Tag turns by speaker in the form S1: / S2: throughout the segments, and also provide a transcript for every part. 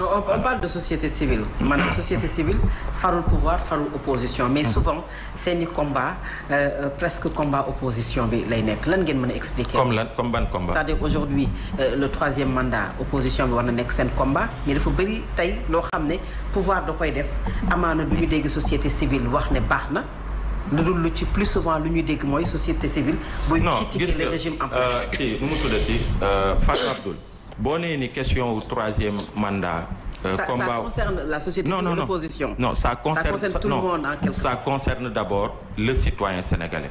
S1: Euh, on, on parle de société civile Maintenant, société civile farou pouvoir farou opposition mais hmm. souvent c'est seeni combat euh, euh, presque combat opposition bi lay nekk lan ngeen mën expliquer comme
S2: comme ban combat c'est-à-dire
S1: aujourd'hui euh, le troisième mandat opposition bi war na combat mais faut bëri tey loo xam ne pouvoir da koy def amaana du ñu dégg société civile wax ne Nous na lu ci plus souvent l'union des dégg mooy société civile buy critiquer le régime en euh,
S2: place nous nu mu tuddati Fatou Abdoul Bonne une une question au troisième mandat. Euh, ça, concerne
S1: la société. l'opposition.
S2: non non non ça concerne tout le monde ça concerne d'abord le citoyen sénégalais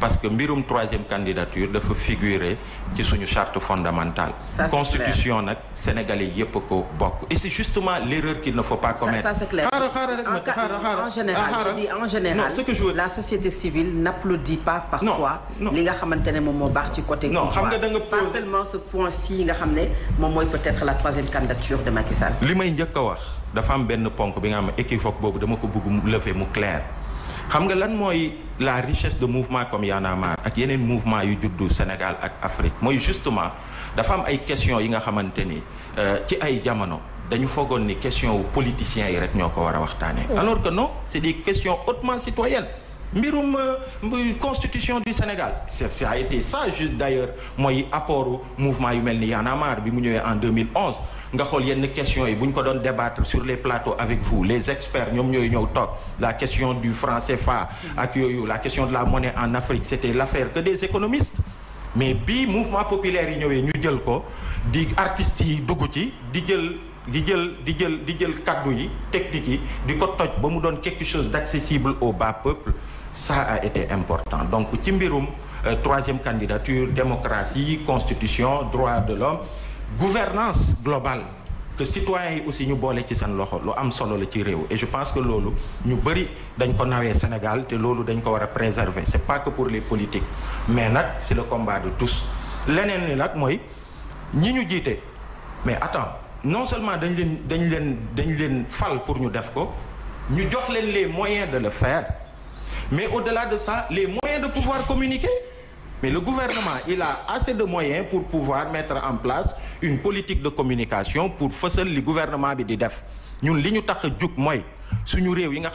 S2: parce que Mirum, troisième candidature doit figurer sur une charte fondamentale La constitution nag sénégalais yépp ko et c'est justement l'erreur qu'il ne faut pas commettre ça, c'est clair en général en général
S1: la société civile n'applaudit pas parfois Non. nga ne moom côté non pas seulement ce point ci nga peut-être la troisième candidature de Macky Sall
S2: dafa am benn ponk bi nga xam équivoque boobu dama ko bëgg mu mu clair xam nga lan mooy la richesse de mouvement comme Y en a ak yeneen mouvement yu juddu Sénégal ak Afrique mooy justement dafa am ay question yi nga xamante ni euh, ci ay jamono dañu foogoon ni question wu politiciens yi rek ñoo ko war a waxtaanee mm. alors que non c'est des questions hautement citoyennes Mirum euh, constitution du Sénégal ça a été ça d'ailleurs moi j'ai mouvement yu mouvement ni en 2011 nga y yenn questions yi je ñu débattre sur les plateaux avec vous les experts la question du franc CFA la question de la monnaie en Afrique c'était l'affaire que des économistes mais le mouvement populaire nous avons ñu jël ko di artistes yi dugg ci di jël di jël di jël di jël yi technique yi di ko quelque chose d'accessible au bas peuple ça a été important donc ci mbirum euh, troisième candidature démocratie constitution droit de l'homme gouvernance globale que citoyens aussi nous bolé ci seen loxo lu am la ci et je pense que nous ñu dans dañ ko nawé Sénégal té lolu dañ ko wara préserver c'est pas que pour les politiques mais nak c'est le combat de tous L'un ni nak moy ñi ñu jité mais attends non seulement dañ leen dañ leen dañ leen fal pour ñu def ko ñu jox leen les moyens de le faire mais au-delà de ça, les moyens de pouvoir communiquer. Mais le gouvernement, il a assez de moyens pour pouvoir mettre en place une politique de communication pour fësal le gouvernement bi di def ñun li ñu tax a jug mooy suñu réew yi nga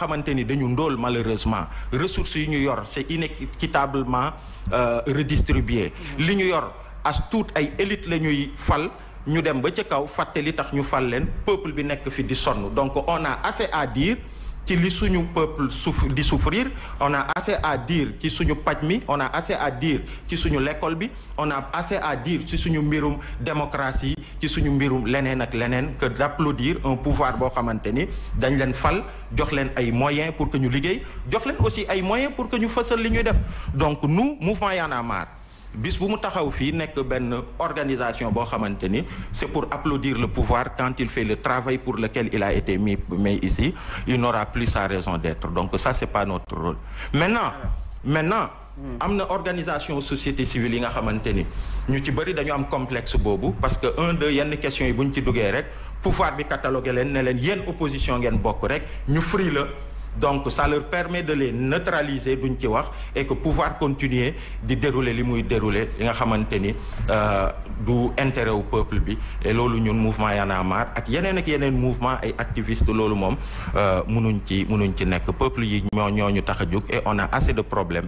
S2: ressources yi New York, c'est inéquitablement euh, redistribué. li yor as ay élites la fal. ñu dem ba ca kaw fàtte tax ñu fal peuple bi nekk fi di donc on a assez à dire ci li suñu peuple souff souffrir on a assez à dire qui sont les mi on a assez à dire qui sont l'école bi on a assez à dire ci suñu mbirum démocratie ci suñu mirum l'ENEN ak l'ENEN, que d'applaudir un pouvoir boo xamante ni dañ leen fal jox leen ay moyens pour que ñu liggéey jox leen aussi des moyens pour que nous fassions li ñuy def donc nous mouvement Yanamar, bis bu mu taxaw fi nek ben organisation c'est pour applaudir le pouvoir quand il fait le travail pour lequel il a été mis ici il n'aura plus sa raison d'être donc ça c'est pas notre rôle maintenant maintenant hmm. am une organisation société civile yi nga xamanteni ñu ci complexe bobu parce que un de yenn question yi buñ ci pouvoir bi catalogué len ne a opposition ngeen est rek ñu le la donc ça leur permet de les neutraliser et que pouvoir continuer de dérouler les muy dérouler les nga xamante euh, du intérêt au peuple bi et l'Union ñun mouvement Yana a marre ak yeneen ak yeneen mouvement ay activistes de l'olomom, euh, mënuñ ci mënuñ ci peuple yi ñoo ñoo et on a assez de problèmes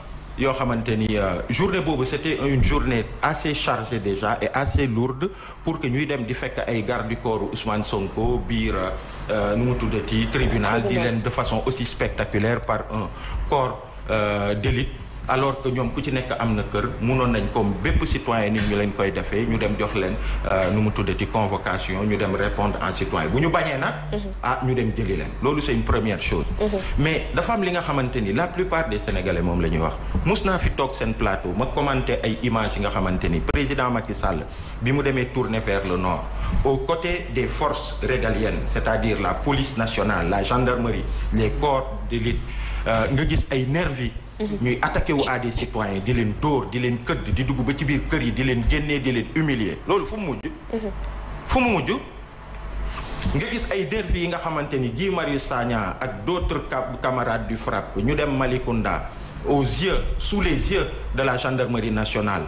S2: Euh, journée c'était une journée assez chargée déjà et assez lourde pour que nous dem di fekk ay garde du corps Ousmane Sonko Bir, euh, euh, nu tribunal di de façon aussi spectaculaire par un corps d'élite alors que ñom ku ci nek amna nous kër mënon nañ comme bép citoyen nit ñu leen koy défé ñu dem jox leen euh, nu mu ci convocation ñu dem répondre en citoyen bu ñu bañé nous mhm. ah ñu dem jëli leen lolu c'est une première chose mhm. mais dafa am li nga xamante la plupart des sénégalais mom lañuy wax musna fi tok seen plateau ma commenté ay images yi nga xamante président Macky Sall bi mu tourner vers le nord aux côtés des forces régaliennes c'est-à-dire la police nationale la gendarmerie les corps d'élite euh, nga gis ay nervi Mhm. ñuy attaqué wu à des citoyens di leen dóor di leen këdd di dugg ba ci biir kër yi di leen génnee di leen humilier loolu fu mu mujj mhm. fu mu mujj nga gis ay dér yi nga xamante ni Marius Sagna ak d'autres camarades du frappe ñu dem Malicounda aux yeux sous les yeux de la gendarmerie nationale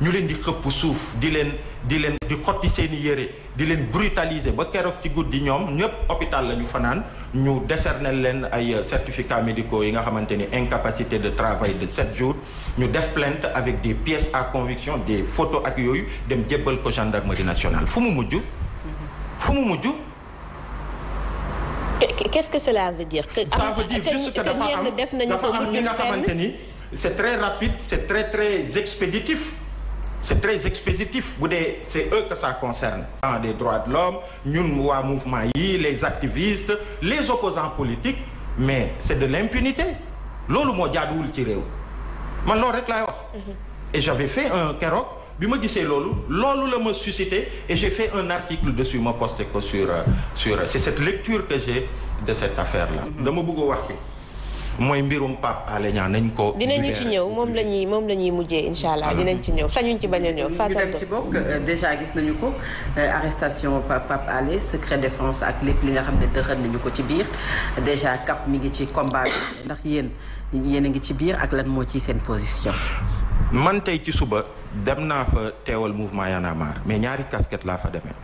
S2: nous leen di xëpp suuf di leen di leen di brutaliser nous ci hôpital certificats médicaux yi nga incapacité de travail de 7 jours ñu def plainte avec des pièces à conviction des photos ak dem gendarmerie nationale qu'est-ce
S1: que cela veut dire. veut dire que
S2: c'est très rapide c'est très très expéditif c'est très expéditif c'est eux que ça concerne Les des droits de l'homme mouvement les activistes les opposants politiques mais c'est de l'impunité C'est ce que je et j'avais fait un keroog je ma disais, Lolo. Lolo la ma suscité et j'ai fait un article dessus mon sur euh, sur c'est cette lecture que j'ai de cette affaire là Je mhm. bëgg moy mbirum pap ko. ci ci
S1: sañuñ ci a ci euh, déjà euh, arrestation secret défense ak li nga xamné ne nañu ko ci biir déjà cap mi ngi combat ndax ngi ci biir ak lan ci position.
S2: man tay ci suba dem naa fa mouvement Yanamar. mais ñaari casquette laa fa demee.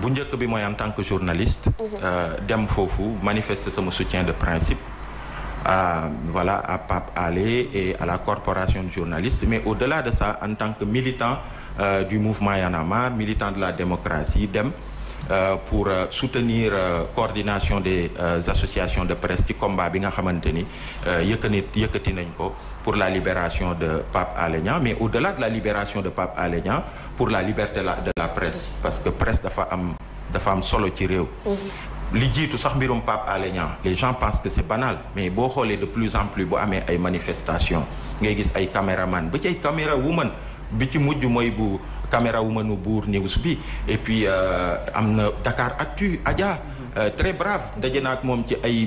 S2: bu njëkk bi mooy en tant journaliste. Mhm. Euh, dem foofu manifester soutien de principe à, voilà, à Pape Alé et à la Corporation de journalistes, mais au-delà de ça, en tant que militant euh, du mouvement Yanamar, militant de la démocratie, euh, pour euh, soutenir soutenir coordination des associations de presse qui combat pour la libération de Pape Alé mais au-delà de la libération de Pape Alé pour la liberté de la presse parce que presse de femmes dafa solo ci les gens pensent que c'est banal mais y a de plus en plus bu manifestations. ay manifestation ngay gis ay des des caméra bi caméra et puis euh, Dakar euh, très brave des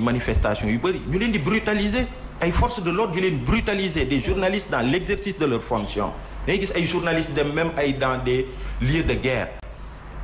S2: manifestation yu de l'ordre brutaliser des journalistes dans l'exercice de leur fonction gis des journalistes même dans des lieux de guerre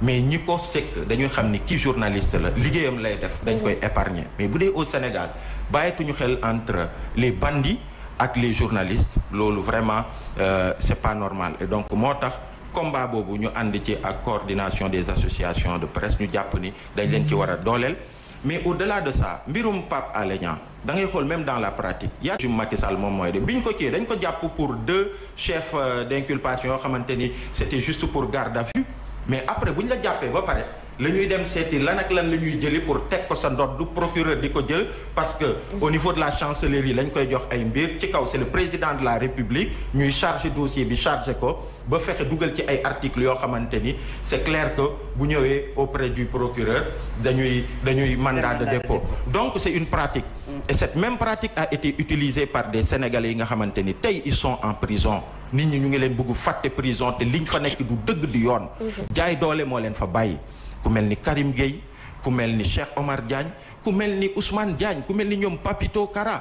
S2: mais ñi ko sekk dañuy xamni ki journaliste la liggéeyam lay def dañ koy mm-hmm. épargner mais boudé au Sénégal bàyyituñu xel entre les bandits ak les journalistes lolu vraiment euh, c'est pas normal et donc motax combat bobu ñu ànd ci ak coordination des associations de presse ñu japp ni dañ leen ci mm-hmm. wara dolel mais au-delà de ça mbirum Pape Alé da ngay xol même dans la pratique ya jum Macky Sall mom moy de bi ko ciyee dañ ko japp pour deux chefs euh, d'inculpation yoo xamante c'était juste pour garde à vue mais après bu ñu la jàppee ba pare lañuy dem seeti lan ak lan la ñuy jëli pour teg ko sa ndodd du procureur di ko jël parce que mm-hmm. au niveau de la chancellerie lañ koy jox ay mbir ci kaw c'est le président de la république ñuy chargé dossier bi chargé ko ba fexe dugal ci ay articles yoo xamante ni c'est clair que bu ñëwee auprès du procureur dañuy dañuy mandat de dépôt donc c'est une pratique mm-hmm. et cette même pratique a été utilisée par des sénégalais yi nga xamante ni tey ils sont en prison nit ñi ñu ngi leen bëgg fàtte prison te liñ fa nekk du dëgg di yoon mm-hmm. jaay doole moo leen fa bàyyi ku melni ni Karim Gueye ku melni ni Cheikh Omar Diagne ku melni ni Ousmane Diagne ku melni ni Papito Kara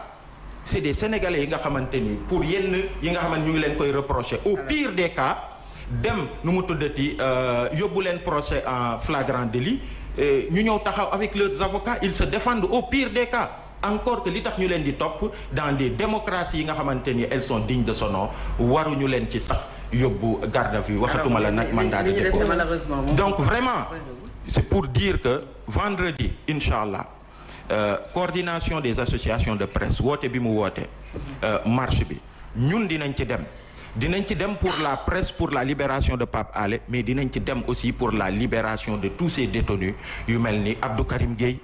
S2: c'est des sénégalais yi nga xamanteni pour yenn yi nga xamante ñu ngi leen koy reprocher au pire des cas dem nu mu tuddati yóbbu leen procès en flagrant délit ñu ñëw taxaw avec leurs avocats ils se défendent au pire des cas encore que li tax ñu leen di top dans des démocraties yi nga xamanteni elles sont dignes de son nom ñu leen ci sax yóbbu garde à vue waxatuma la mandat donc vraiment c'est pour dire que vendredi Inch'Allah, euh, coordination des associations de presse Wote bi mu nous euh, marche bi ñun dinañ ci dem dinañ ci dem pour la presse pour la libération de Pape Alé mais nous ci dem aussi pour la libération de tous ces détenus yu ni Abdou Karim Gueye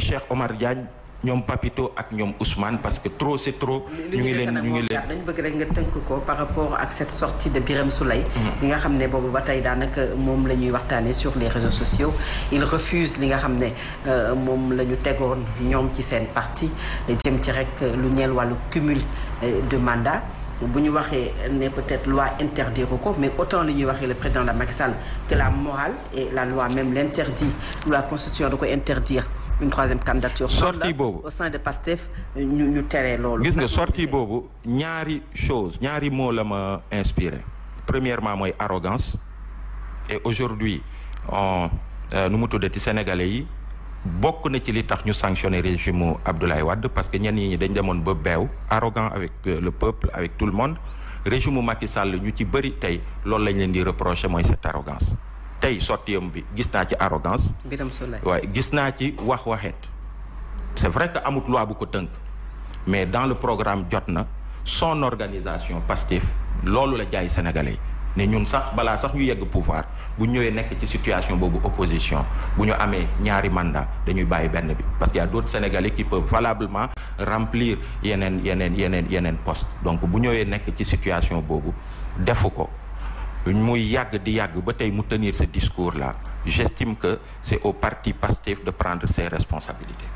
S2: Cheikh Omar Diagne ñom Papito ak ñom Ousmane parce que trop c'est trop. ñu ngi leen ñu ngi leen
S1: dañu bëgg rek nga ko par rapport ak cette sortie de Birame soulay mhm. il nga xamné bobu Bataïdane ba mom daanaka moom sur les réseaux sociaux. il refuse li nga xamné ne euh, moom la ñu qui ci seen parti jëm ci rek lu ñeel walu cumul euh, de mandats bu ñu voyez, peut-être loi interdire ko mais autant le président la Maxal que la morale et la loi même l'interdit loi constitution doit interdire une troisième candidature.
S2: au
S1: sein de PASTEF nous ñu teree loolu. gis nga sortie
S2: boobu ñaari chose ñaari mots la ma inspiré premièrement moi arrogance et aujourd'hui nous sommes tous les sénégalais yi bokk na ci li tax sanctionné régime Abdoulaye parce que nous ñi dañ gens ba sont arrogant avec euh, le peuple avec tout le monde Le régime Makissal, Macky Sall ñu ci gens qui loolu lañ reproché cette arrogance tey sotiyam bi gis na ci arrogance. way gis na ci wax waxet c'est vrai que amout loi bu ko teunk mais dans le programme jotna son organisation pastif lolou la jaay sénégalais ne ñun sax nous sax ñu yegg pouvoir bu ñëwee que ci situation bobu opposition bu ñu amé ñaari mandat dañuy bayyi benn bi parce qu'il y a d'autres sénégalais qui peuvent valablement remplir yenen yenen yenen yenen poste donc bu ñëwee n'est ci situation situations defuko muy di tenir ce discours là j'estime que c'est au parti Pastef de prendre ses responsabilités.